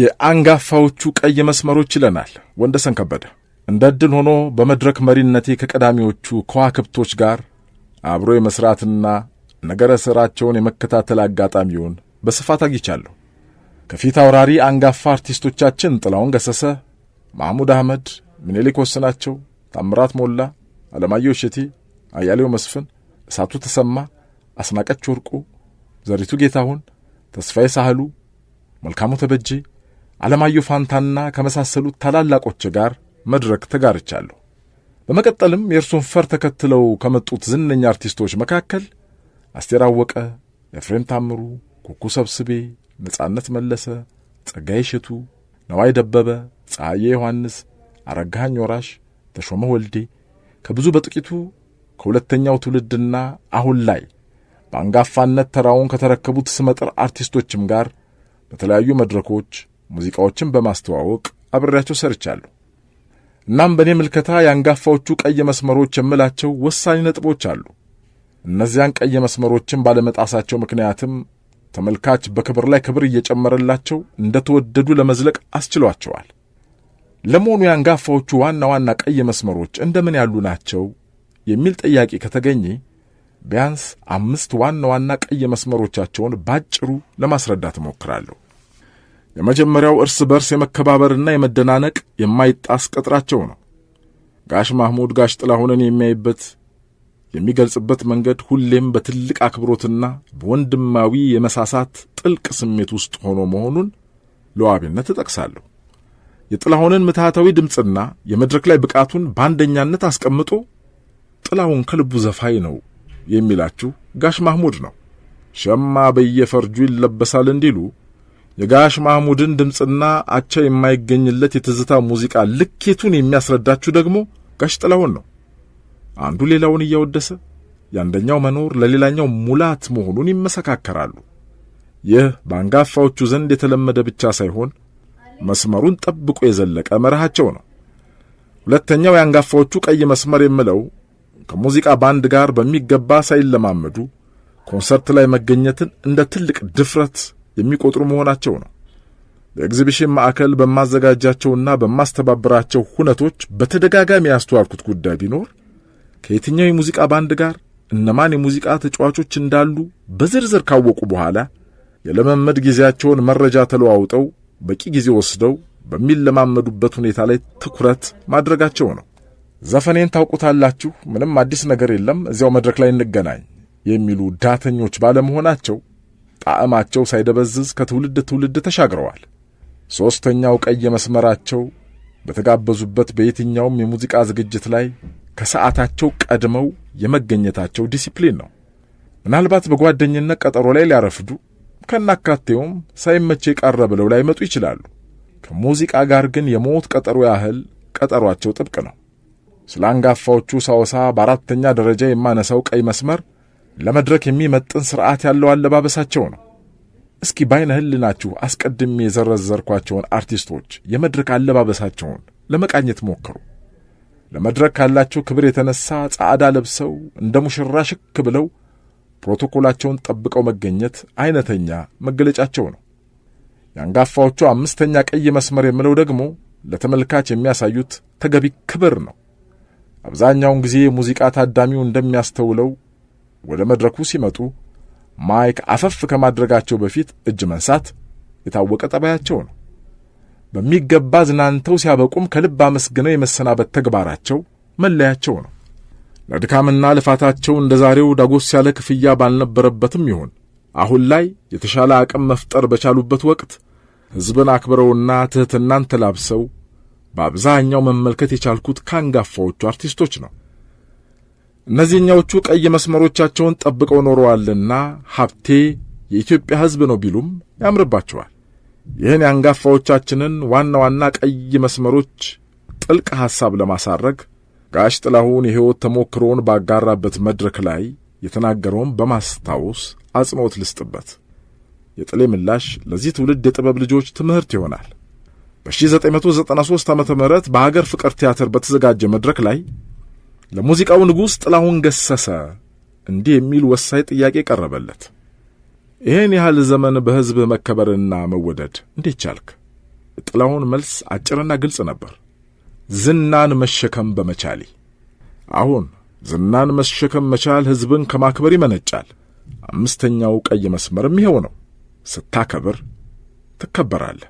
የአንጋፋዎቹ ቀይ መስመሮች ይለናል ወንደሰን ከበደ። እንደ ዕድል ሆኖ በመድረክ መሪነቴ ከቀዳሚዎቹ ከዋክብቶች ጋር አብሮ የመሥራትና ነገረ ሥራቸውን የመከታተል አጋጣሚውን በስፋት አግኝቻለሁ። ከፊት አውራሪ አንጋፋ አርቲስቶቻችን ጥላውን ገሰሰ፣ ማህሙድ አህመድ፣ ምኒልክ ወስናቸው፣ ታምራት ሞላ፣ አለማየሁ እሸቴ፣ አያሌው መስፍን፣ እሳቱ ተሰማ፣ አስናቀች ወርቁ፣ ዘሪቱ ጌታሁን፣ ተስፋዬ ሳህሉ፣ መልካሙ ተበጄ አለማየሁ ፋንታና ከመሳሰሉት ታላላቆች ጋር መድረክ ተጋርቻለሁ። በመቀጠልም የእርሱን ፈር ተከትለው ከመጡት ዝነኛ አርቲስቶች መካከል አስቴር አወቀ፣ ኤፍሬም ታምሩ፣ ኩኩ ሰብስቤ፣ ነጻነት መለሰ፣ ጸጋይ እሸቱ፣ ነዋይ ደበበ፣ ፀሐዬ ዮሐንስ፣ አረጋኸኝ ወራሽ፣ ተሾመ ወልዴ ከብዙ በጥቂቱ ከሁለተኛው ትውልድና አሁን ላይ በአንጋፋነት ተራውን ከተረከቡት ስመጥር አርቲስቶችም ጋር በተለያዩ መድረኮች ሙዚቃዎችን በማስተዋወቅ አብሬያቸው ሰርቻለሁ። እናም በእኔ ምልከታ የአንጋፋዎቹ ቀይ መስመሮች የምላቸው ወሳኝ ነጥቦች አሉ። እነዚያን ቀይ መስመሮችን ባለመጣሳቸው ምክንያትም ተመልካች በክብር ላይ ክብር እየጨመረላቸው እንደተወደዱ ለመዝለቅ አስችሏቸዋል። ለመሆኑ የአንጋፋዎቹ ዋና ዋና ቀይ መስመሮች እንደምን ያሉ ናቸው የሚል ጥያቄ ከተገኘ ቢያንስ አምስት ዋና ዋና ቀይ መስመሮቻቸውን ባጭሩ ለማስረዳት እሞክራለሁ። የመጀመሪያው እርስ በርስ የመከባበርና የመደናነቅ የማይጣስ ቀጥራቸው ነው። ጋሽ ማህሙድ ጋሽ ጥላሁንን የሚያይበት የሚገልጽበት መንገድ ሁሌም በትልቅ አክብሮትና በወንድማዊ የመሳሳት ጥልቅ ስሜት ውስጥ ሆኖ መሆኑን ለዋቢነት እጠቅሳለሁ። የጥላሁንን ምትሃታዊ ድምፅና የመድረክ ላይ ብቃቱን በአንደኛነት አስቀምጦ ጥላሁን ከልቡ ዘፋይ ነው የሚላችሁ ጋሽ ማህሙድ ነው። ሸማ በየፈርጁ ይለበሳል እንዲሉ የጋሽ ማህሙድን ድምፅና አቻ የማይገኝለት የትዝታ ሙዚቃ ልኬቱን የሚያስረዳችሁ ደግሞ ጋሽ ጥላሁን ነው። አንዱ ሌላውን እያወደሰ የአንደኛው መኖር ለሌላኛው ሙላት መሆኑን ይመሰካከራሉ። ይህ በአንጋፋዎቹ ዘንድ የተለመደ ብቻ ሳይሆን መስመሩን ጠብቆ የዘለቀ መርሃቸው ነው። ሁለተኛው የአንጋፋዎቹ ቀይ መስመር የምለው ከሙዚቃ ባንድ ጋር በሚገባ ሳይለማመዱ ኮንሰርት ላይ መገኘትን እንደ ትልቅ ድፍረት የሚቆጥሩ መሆናቸው ነው። በኤግዚቢሽን ማዕከል በማዘጋጃቸውና በማስተባበራቸው ሁነቶች በተደጋጋሚ ያስተዋልኩት ጉዳይ ቢኖር ከየትኛው የሙዚቃ ባንድ ጋር እነማን የሙዚቃ ተጫዋቾች እንዳሉ በዝርዝር ካወቁ በኋላ የለመመድ ጊዜያቸውን መረጃ ተለዋውጠው በቂ ጊዜ ወስደው በሚለማመዱበት ሁኔታ ላይ ትኩረት ማድረጋቸው ነው። ዘፈኔን ታውቁታላችሁ፣ ምንም አዲስ ነገር የለም፣ እዚያው መድረክ ላይ እንገናኝ የሚሉ ዳተኞች ባለመሆናቸው ጣዕማቸው ሳይደበዝዝ ከትውልድ ትውልድ ተሻግረዋል። ሦስተኛው ቀይ መስመራቸው በተጋበዙበት በየትኛውም የሙዚቃ ዝግጅት ላይ ከሰዓታቸው ቀድመው የመገኘታቸው ዲሲፕሊን ነው። ምናልባት በጓደኝነት ቀጠሮ ላይ ሊያረፍዱ ከናካቴውም ሳይመቼ ቀረ ብለው ላይመጡ ይችላሉ። ከሙዚቃ ጋር ግን የሞት ቀጠሮ ያህል ቀጠሯቸው ጥብቅ ነው። ስለ አንጋፋዎቹ ሳወሳ በአራተኛ ደረጃ የማነሳው ቀይ መስመር ለመድረክ የሚመጥን ስርዓት ያለው አለባበሳቸው ነው። እስኪ ባይነ ህልናችሁ አስቀድሜ የዘረዘርኳቸውን አርቲስቶች የመድረክ አለባበሳቸውን ለመቃኘት ሞክሩ። ለመድረክ ካላቸው ክብር የተነሳ ጻዕዳ ለብሰው እንደ ሙሽራ ሽክ ብለው ፕሮቶኮላቸውን ጠብቀው መገኘት አይነተኛ መገለጫቸው ነው። የአንጋፋዎቹ አምስተኛ ቀይ መስመር የምለው ደግሞ ለተመልካች የሚያሳዩት ተገቢ ክብር ነው። አብዛኛውን ጊዜ ሙዚቃ ታዳሚው እንደሚያስተውለው ወደ መድረኩ ሲመጡ ማይክ አፈፍ ከማድረጋቸው በፊት እጅ መንሳት የታወቀ ጠባያቸው ነው። በሚገባ ዝናንተው ሲያበቁም ከልብ አመስግነው የመሰናበት ተግባራቸው መለያቸው ነው። ለድካምና ልፋታቸው እንደ ዛሬው ዳጎስ ያለ ክፍያ ባልነበረበትም ይሁን አሁን ላይ የተሻለ አቅም መፍጠር በቻሉበት ወቅት ሕዝብን አክብረውና ትሕትናን ተላብሰው በአብዛኛው መመልከት የቻልኩት ካንጋፋዎቹ አርቲስቶች ነው። እነዚህኛዎቹ ቀይ መስመሮቻቸውን ጠብቀው ኖረዋልና ሀብቴ የኢትዮጵያ ሕዝብ ነው ቢሉም ያምርባቸዋል። ይህን የአንጋፋዎቻችንን ዋና ዋና ቀይ መስመሮች ጥልቅ ሐሳብ ለማሳረግ ጋሽ ጥላሁን የሕይወት ተሞክሮውን ባጋራበት መድረክ ላይ የተናገረውን በማስታወስ አጽንዖት ልስጥበት። የጥሌ ምላሽ ለዚህ ትውልድ የጥበብ ልጆች ትምህርት ይሆናል። በ1993 ዓ ም በሀገር ፍቅር ቲያትር በተዘጋጀ መድረክ ላይ ለሙዚቃው ንጉሥ ጥላሁን ገሰሰ እንዲህ የሚል ወሳኝ ጥያቄ ቀረበለት። ይህን ያህል ዘመን በሕዝብ መከበርና መወደድ እንዴት ቻልክ? የጥላሁን መልስ አጭርና ግልጽ ነበር። ዝናን መሸከም በመቻሌ። አሁን ዝናን መሸከም መቻል ሕዝብን ከማክበር ይመነጫል። አምስተኛው ቀይ መስመርም ይኸው ነው። ስታከብር ትከበራለህ።